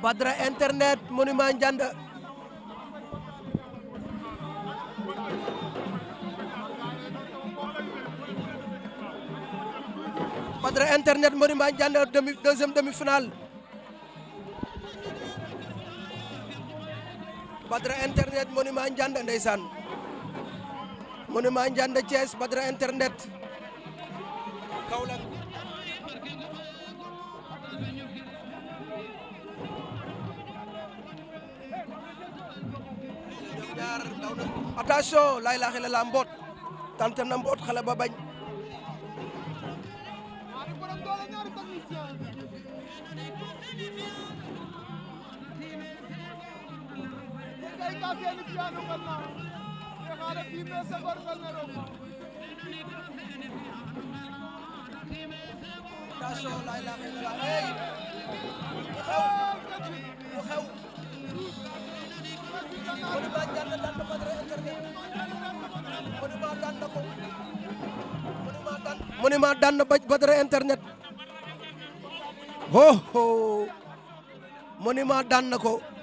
Badara internet monument Ndianda Badara internet monument Ndianda demi deuxième demi-finale Badara internet monument Ndianda ndeysaan monument Ndianda Thiès Badara internet attention lay laaxi la la mboot tante na mboot xale ba bañ attention lay laaxi la la monument daan na Badara internet ho ho monument daan na ko